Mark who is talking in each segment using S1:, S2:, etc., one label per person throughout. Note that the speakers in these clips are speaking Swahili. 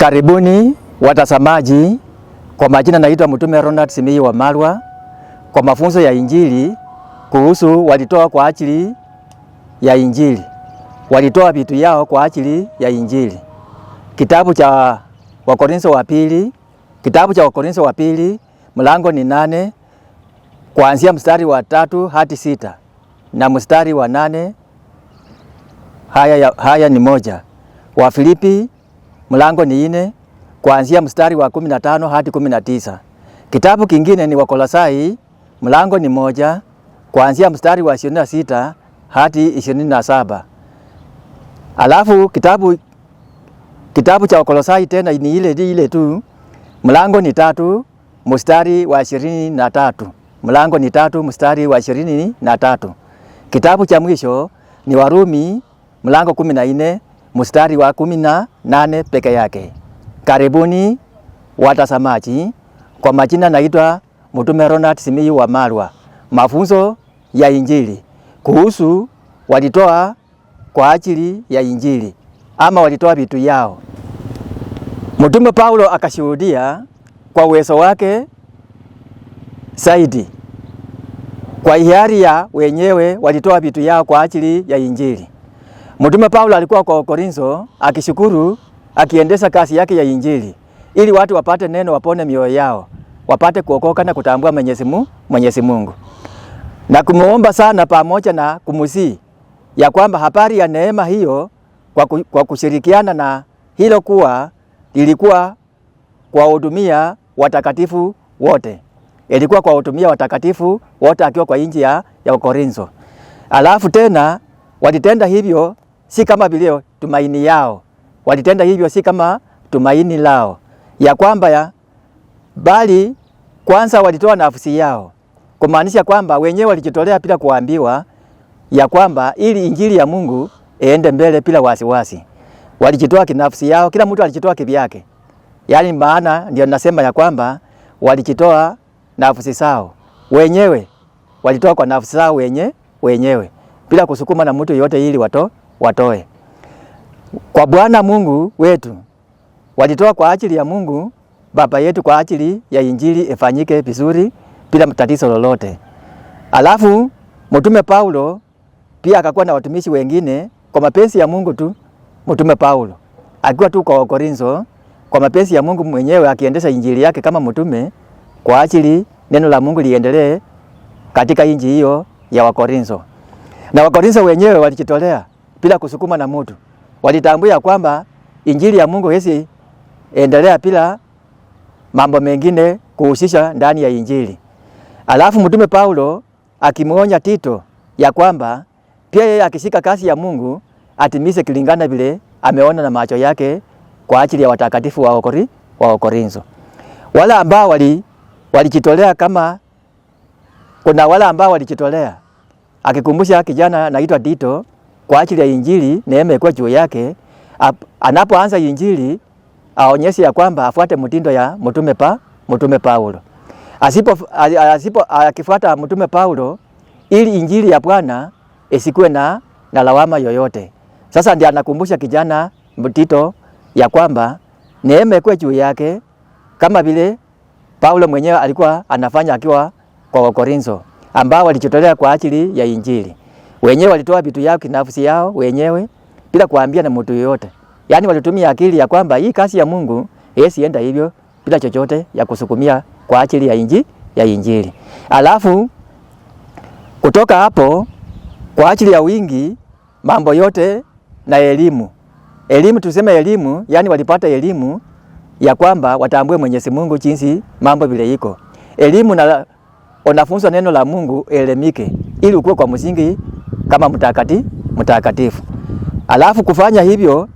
S1: Karibuni watazamaji, kwa majina naitwa Mtume Ronald Simiyu wa Malwa kwa mafunzo ya Injili kuhusu walitoa kwa ajili ya Injili, walitoa vitu yao kwa ajili ya Injili, kitabu cha Wakorintho wa pili, kitabu cha Wakorintho wa pili mlango ni nane kuanzia mstari wa tatu hadi sita na mstari wa nane haya, haya ni moja. Wafilipi mlango ni ine kuanzia mstari wa kumi na tano hadi kumi na tisa. Kitabu kingine ni Wakolosai mlango ni moja kuanzia mstari wa ishirini na sita hadi ishirini na saba. Alafu kitabu kitabu cha Wakolosai tena ni ile ile tu, mlango ni tatu mstari wa ishirini na tatu. Mlango ni tatu mstari wa ishirini na tatu. Kitabu cha mwisho ni Warumi mlango kumi na nne mstari wa kumi na nane peke yake. Karibuni watazamaji, kwa majina naitwa Mtume Ronald Simiyu wa Malwa. Mafunzo ya Injili kuhusu walitoa kwa ajili ya Injili ama walitoa vitu yao. Mtume Paulo akashuhudia kwa uwezo wake zaidi, kwa hiari ya wenyewe walitoa vitu yao kwa ajili ya Injili. Mtume Paulo alikuwa kwa Korintho akishukuru, akiendesha kazi yake ya Injili ili watu wapate neno, wapone mioyo yao, wapate kuokoka na kutambua Mwenyezi Mungu, Mwenyezi Mungu. Na kumuomba sana pamoja na kumusi ya kwamba habari ya neema hiyo kwa, ku, kwa kushirikiana na hilo kuwa lilikuwa kuwahudumia watakatifu wote, ilikuwa kuwahudumia watakatifu wote akiwa kwa nchi ya, ya Korintho. Alafu tena walitenda hivyo si kama vile tumaini yao, walitenda hivyo si kama tumaini lao, ya kwamba ya bali kwanza walitoa nafsi yao, kumaanisha kwamba wenyewe walijitolea bila kuambiwa, ya kwamba ili injili ya Mungu iende mbele bila wasiwasi. Walijitoa kinafsi yao, kila mtu alijitoa kivyake. Yaani maana ndio nasema ya kwamba walijitoa nafsi zao wenyewe, walitoa kwa nafsi zao wenye wenyewe bila kusukuma na mtu yote ili watoe watoe kwa Bwana Mungu wetu. Walitoa kwa ajili ya Mungu Baba yetu, kwa ajili ya injili ifanyike vizuri bila tatizo lolote. Alafu mtume Paulo pia akakuwa na watumishi wengine kwa mapenzi ya Mungu tu. Mtume Paulo akiwa tu kwa Korinzo kwa mapenzi ya Mungu mwenyewe akiendesha injili yake kama mtume kwa ajili neno la Mungu liendelee katika inji hiyo ya Wakorinzo, na Wakorinzo wenyewe walijitolea bila kusukuma na mtu. Walitambua kwamba injili ya Mungu hesi endelea bila mambo mengine kuhusisha ndani ya injili. Alafu mtume Paulo akimwonya Tito ya kwamba pia yeye akishika kazi ya Mungu atimize kilingana vile ameona na macho yake kwa ajili ya watakatifu wa Okori, wa Okorinzo. Wala ambao wali walijitolea kama kuna wala ambao walijitolea akikumbusha kijana anaitwa Tito kwa ajili ya Injili, neema ilikuwa juu yake. Anapoanza Injili aonyeshe ya kwamba afuate mtindo ya mtume pa mtume Paulo. Asipo asipo akifuata mtume Paulo, ili Injili ya Bwana isikuwe na na lawama yoyote. Sasa ndiye anakumbusha kijana Tito ya kwamba neema ikuwe juu yake kama vile Paulo mwenyewe alikuwa anafanya akiwa kwa Wakorintho ambao walichotolea kwa ajili ya Injili. Wenyewe walitoa vitu yao kinafsi yao wenyewe bila kuambia na mtu yoyote. Yaani walitumia akili ya kwamba hii kazi ya Mungu haiwezi enda hivyo bila chochote ya kusukumia kwa ajili ya inji ya Injili. Alafu kutoka hapo kwa ajili ya wingi mambo yote na elimu. Elimu tuseme elimu, yani walipata elimu ya kwamba watambue Mwenyezi Mungu jinsi mambo vile iko. Elimu na wanafunzwa neno la Mungu elemike ili ukue kwa msingi kama mtakati, mtakatifu. Alafu kufanya hivyo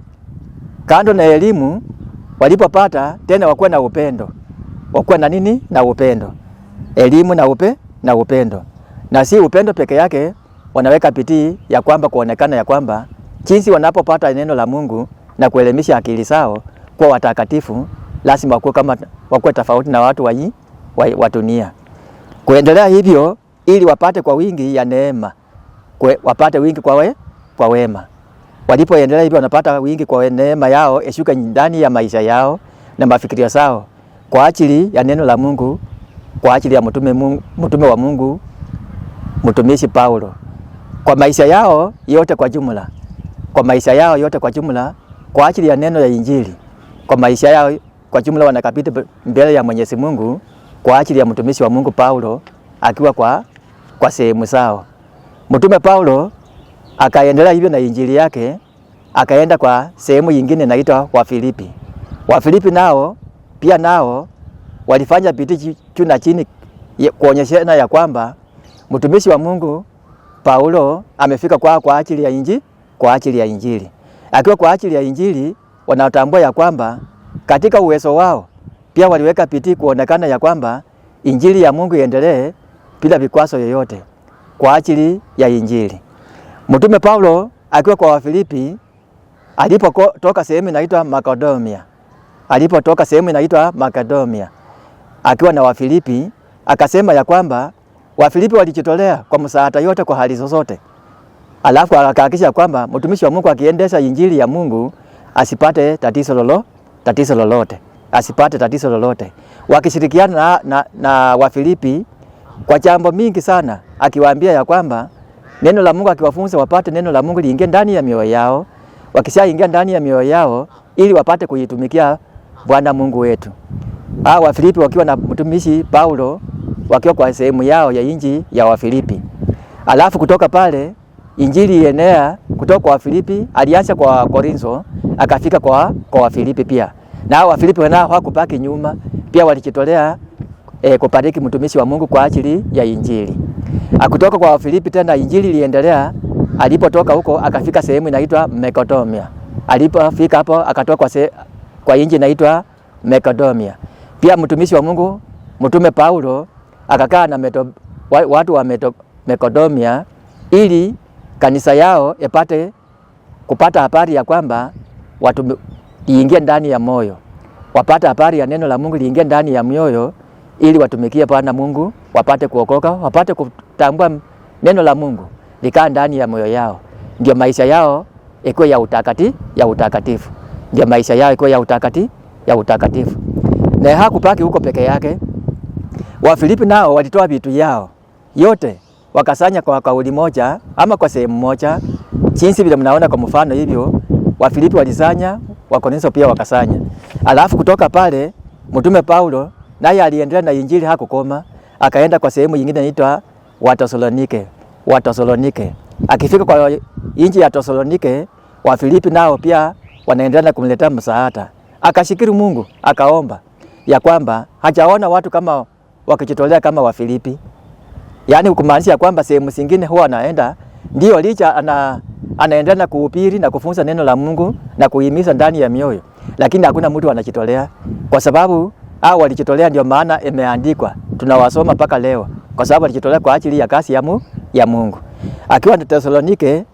S1: kando na elimu walipopata tena wakuwa na upendo, wakuwa na nini? Na upendo, elimu na upe na upendo, na si upendo peke yake, wanaweka pitii ya kwamba kuonekana ya kwamba jinsi wanapopata neno la Mungu na kuelimisha akili zao kuwa watakatifu, lazima wakuwe kama wakuwe tofauti na watu wa dunia. Kuendelea hivyo ili wapate kwa wingi ya neema kwe, wapate wingi kwa, we, kwa wema. Walipoendelea hivyo wanapata wingi kwa neema yao eshuka ndani ya maisha yao na mafikirio sao kwa ajili ya neno la Mungu, kwa ajili ya mtume, Mungu, mtume wa Mungu mtumishi Paulo, kwa maisha yao yote kwa jumla, kwa maisha yao yote kwa jumla, kwa ajili ya neno ya Injili, kwa maisha yao kwa jumla wanakabidhi mbele ya Mwenyezi Mungu kwa ajili ya mtumishi wa Mungu Paulo akiwa kwa, kwa sehemu zao. Mtume Paulo akaendelea hivyo na injili yake, akaenda kwa sehemu nyingine inaitwa Wafilipi. Wafilipi nao pia nao walifanya bidii juu na chini kuonyeshana ya kwamba mtumishi wa Mungu Paulo amefika kwa kwa ajili ya injili, kwa ajili ya injili. Akiwa kwa ajili ya injili, wanatambua ya kwamba katika uwezo wao pia waliweka bidii kuonekana ya kwamba injili ya Mungu iendelee bila vikwazo yoyote kwa ajili ya Injili. Mtume Paulo akiwa kwa Wafilipi alipotoka sehemu inaitwa Makedonia, alipotoka sehemu inaitwa Makedonia akiwa na Wafilipi akasema ya kwamba Wafilipi walijitolea kwa msaada yote kwa hali zozote, alafu akahakikisha kwamba mtumishi wa Mungu akiendesha Injili ya Mungu asipate tatizo lolo, tatizo lolote asipate tatizo lolote wakishirikiana na, na, na Wafilipi kwa jambo mingi sana, akiwaambia ya kwamba neno la Mungu akiwafunza wapate neno la Mungu liingie ndani ya mioyo yao, wakishaingia ndani ya mioyo yao ili wapate kuitumikia Bwana Mungu wetu. Hao ah, Wafilipi wakiwa na mtumishi Paulo wakiwa kwa sehemu yao ya inji ya Wafilipi. Alafu kutoka pale injili ienea kutoka kwa Wafilipi, aliacha kwa Korinzo akafika kwa kwa Wafilipi pia. Na hao Wafilipi wanao hawakubaki nyuma, pia walijitolea e, kubariki mtumishi wa Mungu kwa ajili ya Injili. Akutoka kwa Wafilipi tena Injili iliendelea, alipotoka huko akafika sehemu inaitwa Mekodomia. Alipofika hapo akatoka kwa, se, kwa inji inaitwa Mekodomia. Pia mtumishi wa Mungu mtume Paulo akakaa na meto, watu wa meto, Mekodomia ili kanisa yao ipate kupata habari ya kwamba watu liingie ndani ya moyo, wapate habari ya neno la Mungu liingie ndani ya mioyo ili watumikie Bwana Mungu, wapate kuokoka, wapate kutambua neno la Mungu likaa ndani ya moyo yao, ndio maisha yao ikuwe ya utakati ya utakatifu, ndio maisha yao ikuwe ya utakati ya utakatifu. Na hakupaki huko peke yake, Wafilipi nao walitoa vitu yao yote wakasanya kwa kauli moja ama kwa sehemu moja, jinsi vile mnaona kwa mfano hivyo. Wafilipi walisanya, Wakorintho pia wakasanya, alafu kutoka pale mtume Paulo naye aliendelea na injili, hakukoma, akaenda kwa sehemu nyingine inaitwa Watesalonike, Watesalonike. Akifika kwa inji ya Tesalonike, Filipi nao pia wanaendelea na kumletea msaada. Akashikiri Mungu, akaomba ya kwamba hajaona watu kama wakijitolea kama wa Filipi, yaani kumaanisha kwamba sehemu zingine huwa anaenda ndio licha ana anaendelea na kuhubiri na kufunza neno la Mungu na kuhimiza ndani ya mioyo, lakini hakuna mtu anajitolea kwa sababu au walichotolea, ndio maana imeandikwa tunawasoma mpaka leo, kwa sababu walichotolea kwa ajili ya kazi ya, mu, ya Mungu. Akiwa na Tesalonike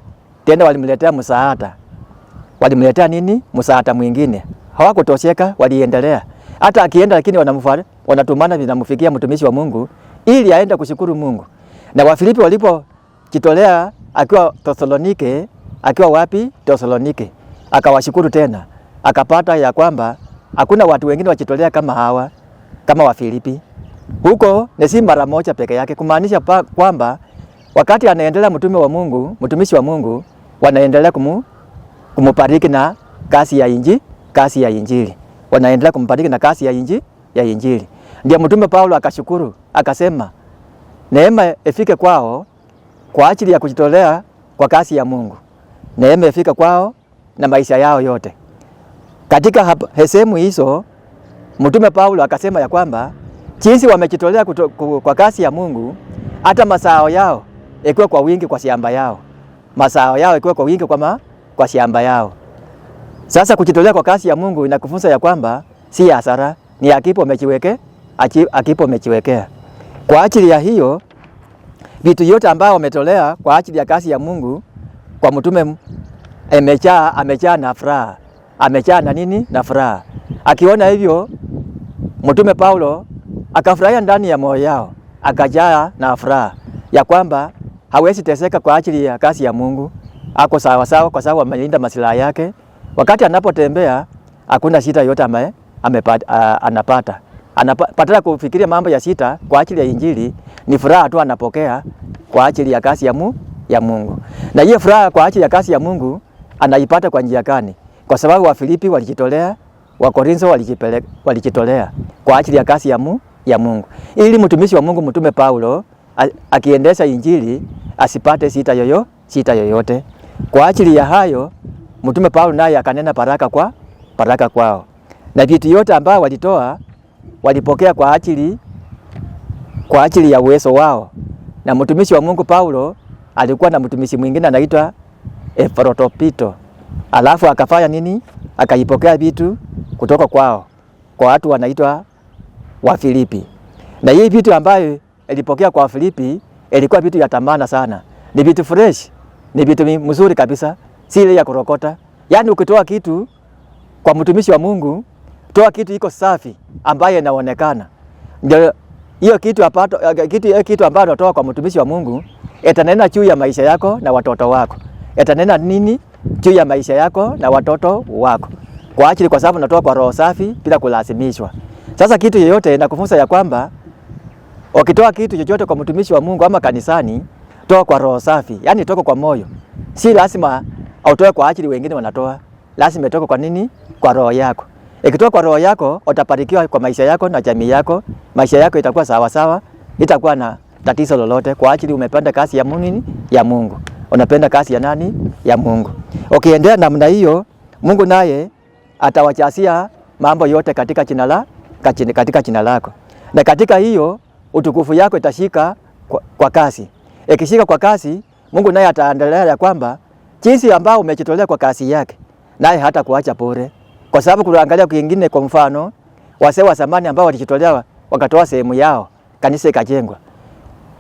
S1: tena walimletea msaada, walimletea nini? Msaada mwingine. Hawakutosheka, waliendelea hata akienda, lakini wanamfuata, wanatumana, vinamfikia mtumishi wa Mungu ili aende kushukuru Mungu. Na Wafilipi walipojitolea akiwa Tesalonike, akiwa wapi? Tesalonike, akawashukuru tena, akapata ya kwamba hakuna watu wengine wachitolea kama hawa kama wa Filipi. huko ni si mara moja peke yake, kumaanisha kwamba wakati anaendelea mtume wa Mungu, mtumishi wa Mungu wanaendelea kumu, kumupariki na kasi ya inji, kasi ya injili wanaendelea kumpariki na kasi ya inji, ya injili. Ndio mtume Paulo akashukuru akasema, neema ifike kwao kwa ajili ya kujitolea kwa kasi ya Mungu, neema ifike kwao na maisha yao yote. Katika sehemu hizo Mtume Paulo akasema ya kwamba jinsi wamejitolea kwa kasi ya Mungu, hata masao yao ikiwa kwa wingi kwa shamba yao, masao yao ikiwa kwa wingi kwa, kwa shamba yao. Sasa kujitolea kwa kasi ya Mungu inakufunza ya kwamba si hasara, ni akipo mechiweke akipo mechiwekea. Kwa ajili ya hiyo vitu yote ambao wametolea kwa ajili ya kasi ya Mungu kwa mtume, amejaa amejaa na furaha amejaa na nini na furaha. Akiona hivyo Mtume Paulo akafurahia ndani ya moyo yao, akajaa na furaha ya kwamba hawezi teseka kwa ajili ya kazi ya Mungu, ako sawa sawa, kwa sababu amelinda masilaha yake. Wakati anapotembea hakuna shida yote ame, amepata, a, anapata anapata kufikiria mambo ya sita kwa ajili ya Injili. Ni furaha tu anapokea kwa ajili ya kazi ya, mu, ya Mungu. Na hiyo furaha kwa ajili ya kazi ya Mungu anaipata kwa njia gani? kwa sababu Wafilipi walikitolea, Wakorintho walijitolea kwa ajili ya kazi ya, mu, ya Mungu, ili mtumishi wa Mungu mtume Paulo akiendesha injili asipate sita yoyo, sita yoyote. Kwa ajili ya hayo mtume Paulo naye akanena baraka kwa baraka kwao, na vitu yote ambao walitoa walipokea kwa ajili kwa ajili ya uwezo wao. Na mtumishi wa Mungu Paulo alikuwa na mtumishi mwingine anaitwa Efrotopito alafu akafanya nini? Akaipokea vitu kutoka kwao, kwa watu wanaitwa wa Filipi. Na hii vitu ambayo ilipokea kwa Filipi ilikuwa vitu ya tamana sana, ni vitu fresh, ni vitu mzuri kabisa, si ile ya kurokota. Yaani ukitoa kitu kwa mtumishi wa Mungu, toa kitu iko safi ambayo inaonekana. Ndio hiyo kitu apato eh, eh, kitu eh, kitu ambacho unatoa kwa mtumishi wa Mungu, itanena juu ya maisha yako na watoto wako. Itanena nini juu ya maisha yako na watoto wako kwa ajili, kwa sababu natoa kwa roho safi bila kulazimishwa. Sasa kitu yeyote nakufunza ya kwamba ukitoa kitu chochote kwa mtumishi wa Mungu ama kanisani, toa kwa roho safi, yani toka kwa moyo. Si lazima autoe kwa ajili wengine wanatoa, lazima itoke kwa nini? Kwa roho yako. Ikitoa kwa roho yako, utabarikiwa kwa maisha yako na jamii yako. Maisha yako itakuwa sawa sawa, itakuwa na tatizo lolote, kwa ajili umepanda kazi ya munini ya Mungu unapenda kazi ya nani? Ya Mungu. Ukiendelea okay, namna hiyo Mungu naye atawachasia mambo yote katika jina la katika jina lako, na katika hiyo utukufu yako itashika kwa, kwa kazi. Ikishika kwa kazi, Mungu naye ataendelea ya kwamba jinsi ambao umejitolea kwa kazi yake, naye hata kuacha bure, kwa sababu kuangalia kingine. Kwa mfano, wazee wa zamani ambao walijitolea wakatoa sehemu yao, kanisa ikajengwa.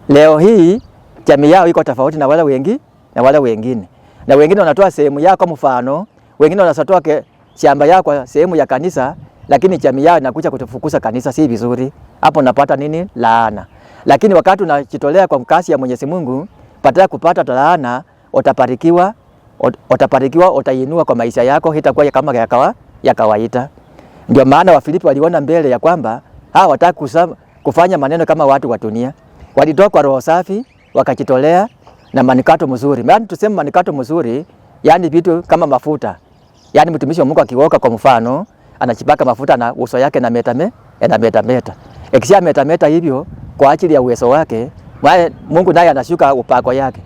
S1: Leo hii jamii yao iko tofauti na wale wengi na wale wengine, na wengine wanatoa sehemu yao, kwa mfano wengine wanatoa shamba yao kwa sehemu ya kanisa, lakini jamii yao inakuja kutufukuza kanisa, si vizuri. Hapo napata nini? Laana. Lakini wakati unajitolea kwa mkasi ya Mwenyezi Mungu, badala kupata laana, utaparikiwa, utaparikiwa, utainua kwa maisha yako, itakuwa ya kama yakawa ya kawaida. Ndio maana wa Wafilipi waliona mbele ya kwamba hawa wataka kufanya maneno kama watu wa dunia, walitoka kwa roho safi wakajitolea na manikato mzuri. Maana tuseme manikato mzuri, yani vitu kama mafuta. Yani mtumishi wa Mungu akioka kwa mfano, anachipaka mafuta na uso yake na meta me, na meta metameta. Ikisha meta hivyo kwa ajili ya uwezo wake, Mungu naye anashuka upako yake.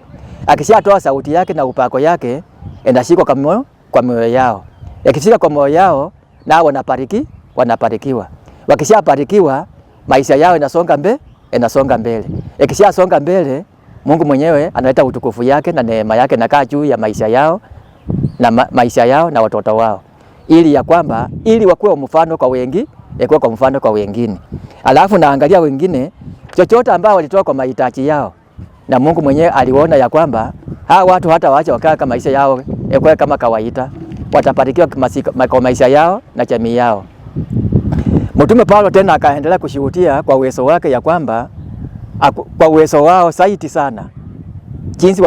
S1: Akisha toa sauti yake na upako yake, endashikwa kwa moyo kwa moyo yao. Yakifika kwa moyo yao nao wanapariki, wanaparikiwa. Wakishaparikiwa maisha yao inasonga mbele, inasonga mbele. Ikishasonga mbele Mungu mwenyewe analeta utukufu yake na neema yake na kaa juu ya maisha yao na ma maisha yao na watoto wao, ili ya kwamba ili wakuwe mfano kwa wengi, yakuwa kwa mfano kwa wengine. Alafu naangalia wengine chochote ambao walitoa kwa mahitaji yao, na Mungu mwenyewe aliona ya kwamba hawa watu hata waache wakaa kama maisha yao yakuwe kama kawaida, watabarikiwa kwa maisha yao na jamii yao. Mtume Paulo tena akaendelea kushuhudia kwa uwezo wake ya kwamba kwa uwezo wao saiti sana, jinsi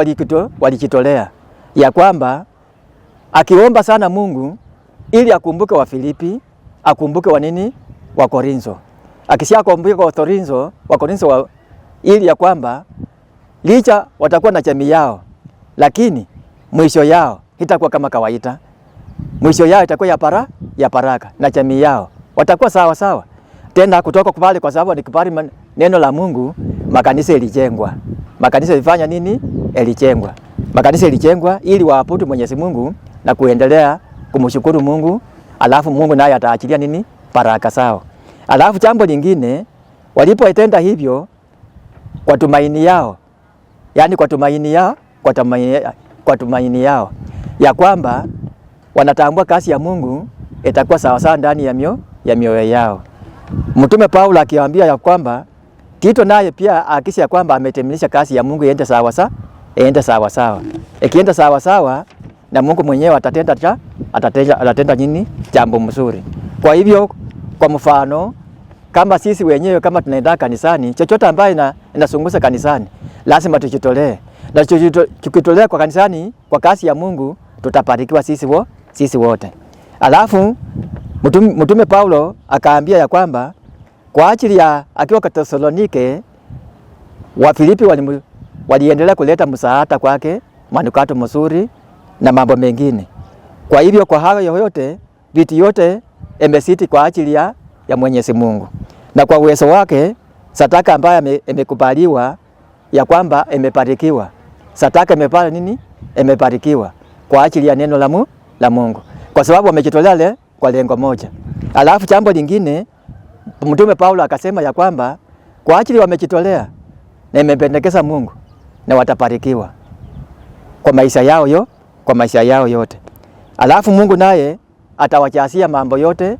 S1: walikitolea ya kwamba akiomba sana Mungu ili akumbuke wa Filipi, akumbuke wa nini, wa Korinzo. Akisha wa Korinzo, wa Korinzo wa, ili ya kwamba licha watakuwa na jamii yao, lakini mwisho yao itakuwa kama kawaida, mwisho yao itakuwa ya para ya paraka na jamii yao watakuwa sawa sawa. Tena kutoka pale, kwa sababu alikubali neno la Mungu, makanisa ilijengwa. Makanisa ilifanya nini? Ilijengwa. Makanisa ilijengwa ili waabudu Mwenyezi Mungu na kuendelea kumshukuru Mungu, alafu Mungu naye ataachilia nini? Baraka zao. Alafu jambo lingine, walipoitenda hivyo kwa tumaini yao, yani kwa tumaini yao, kwa tumaini, kwa tumaini yao ya kwamba wanatambua kazi ya Mungu itakuwa sawasawa ndani ya mioyo ya mioyo yao. Mtume Paulo akiwaambia ya kwamba Tito naye pia akisi ya kwamba ametimilisha kazi ya Mungu iende sawa sawa, iende sawa sawa. Ikienda sawa sawa na Mungu mwenyewe atatenda cha atatenda atatenda nini jambo mzuri. Kwa hivyo kwa mfano kama sisi wenyewe kama tunaenda kanisani, chochote ambaye ina, inasungusa kanisani lazima tujitolee, na tukitolea kwa kanisani kwa kazi ya Mungu tutabarikiwa sisi, wo, sisi wote alafu Mtume, Mtume Paulo akaambia ya kwamba kwa ajili ya akiwa Tesalonike wa Filipi waliendelea kuleta msaada kwake, manukato mazuri na mambo mengine. Kwa hivyo kwa hayo yoyote, vitu yote emesiti kwa ajili ya, ya Mwenyezi Mungu na kwa uwezo wake sadaka ambayo imekubaliwa ya kwamba imebarikiwa. Sadaka imepata nini? Imebarikiwa kwa ajili ya neno la Mungu, la Mungu kwa sababu amejitolea kwa lengo moja. Alafu jambo lingine Mtume Paulo akasema ya kwamba kwa ajili wamejitolea na imependekeza Mungu na watabarikiwa kwa maisha yao yo, kwa maisha yao yote. Alafu Mungu naye atawachasia mambo yote,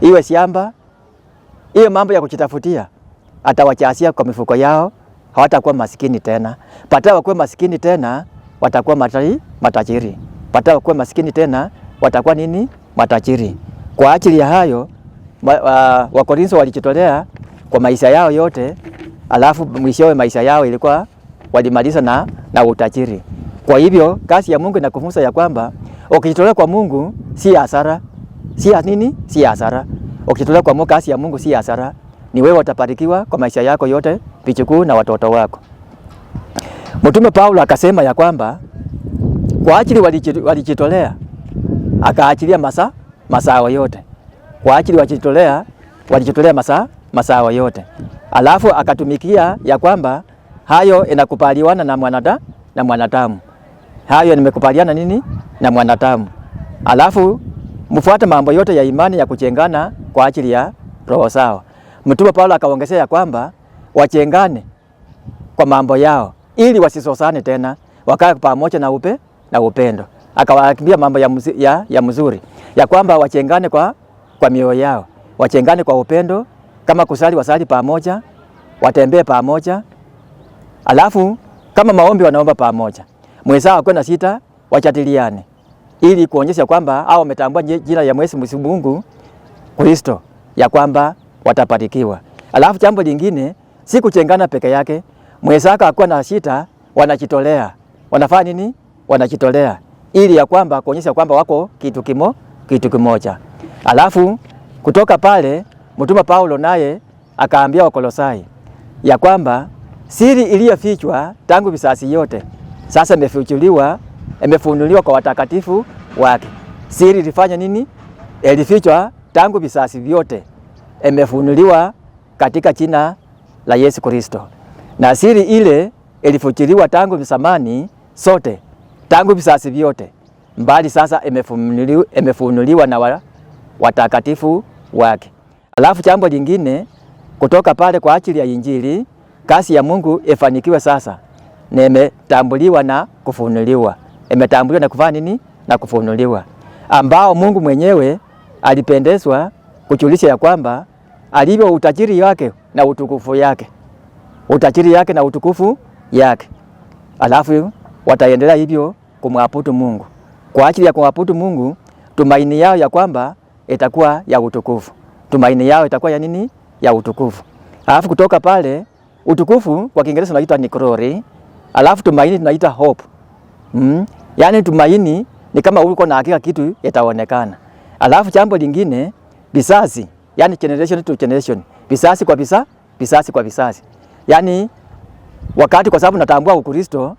S1: iwe shamba, iwe mambo ya kujitafutia, atawajasia kwa mifuko yao. Hawatakuwa masikini tena, pata wakuwa masikini tena, watakuwa matajiri, pata wakuwa masikini tena, watakuwa nini? matajiri. Kwa ajili ya hayo uh, Wakorintho walijitolea kwa maisha yao yote, alafu mwishowe maisha yao ilikuwa walimaliza na, na utajiri. Kwa hivyo kazi ya Mungu inakufunza ya kwamba ukijitolea kwa Mungu si hasara, si nini, si hasara. Ukijitolea kwa Mungu, kazi ya Mungu si hasara, ni wewe utabarikiwa kwa maisha yako yote, vichukuu na watoto wako. Mtume Paulo akasema ya kwamba kwa ajili walijitolea akaachilia masaa masao yote kwa ajili walichotolea walichotolea masaa masao yote, alafu akatumikia ya kwamba hayo inakupaliwana na mwanada na mwanadamu, hayo nimekupaliana nini na mwanadamu, alafu mfuate mambo yote ya imani ya kuchengana kwa ajili ya roho sawa. Mtume Paulo akaongezea ya kwamba wachengane kwa mambo yao ili wasisosane tena, wakae pamoja na upe na upendo akawaambia mambo ya, ya, ya mzuri ya kwamba wachengane kwa, kwa mioyo yao, wachengane kwa upendo, kama kusali wasali pamoja, watembee pamoja, alafu kama maombi wanaomba pamoja, mwezi wa kwenda sita wachatiliane, ili kuonyesha kwamba hao wametambua jina ya mwezi Mungu Kristo, ya kwamba watapatikiwa. Alafu jambo lingine si kuchengana peke yake, mwezi wako akuwa na sita, wanachitolea wanafanya nini? Wanachitolea ili ya kwamba kuonyesha kwamba wako kitu kimo, kitu kimoja. Alafu kutoka pale mtume Paulo naye akaambia Wakolosai ya kwamba siri iliyofichwa tangu visasi yote sasa imefichuliwa, imefunuliwa kwa watakatifu wake. Siri ilifanya nini? Ilifichwa tangu visasi vyote, imefunuliwa katika jina la Yesu Kristo, na siri ile ilifuchiliwa tangu zamani sote tangu visasi vyote, mbali sasa imefunuliwa, na wa, watakatifu wake. Alafu jambo jingine kutoka pale kwa ajili ya Injili, kasi ya Mungu ifanikiwe sasa, na imetambuliwa na kufunuliwa, imetambuliwa na kufanya nini na kufunuliwa, ambao Mungu mwenyewe alipendezwa kuchulisha ya kwamba alivyo utajiri wake na utukufu yake, utajiri yake na utukufu yake, alafu wataendelea hivyo kumwabudu Mungu. Kwa ajili ya kumwabudu Mungu, tumaini yao ya kwamba itakuwa ya utukufu. Tumaini yao itakuwa ya nini? Ya utukufu. Alafu kutoka pale utukufu kwa Kiingereza tunaita ni glory, alafu tumaini tunaita hope. Mm. Yaani tumaini ni kama uko na hakika kitu itaonekana. Alafu jambo lingine bisasi, yani generation to generation, bisasi kwa vizazi, bisasi kwa bisasi, Yaani wakati kwa sababu natambua Ukristo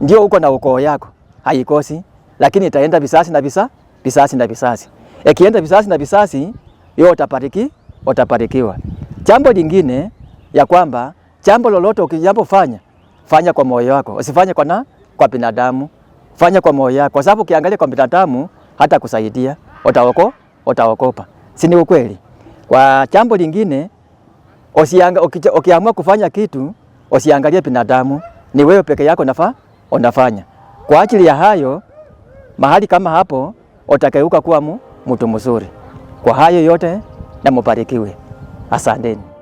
S1: ndio huko na ukoo yako haikosi, lakini itaenda visasi na visa, visasi na visasi. Ikienda visasi na visasi, yo utapariki, utaparikiwa. Jambo lingine ya kwamba jambo lolote ukijapofanya fanya kwa moyo wako, usifanye kwa na kwa binadamu, fanya kwa moyo wako, kwa sababu ukiangalia kwa binadamu hata kusaidia utaoko utaokopa, si ni ukweli? Kwa jambo lingine usianga, ukiamua kufanya kitu usiangalie binadamu ni wewe peke yako nafa unafanya. Kwa ajili ya hayo mahali kama hapo utakeuka kuwa mtu mzuri. Kwa hayo yote namubarikiwe, mubarikiwe. Asanteni.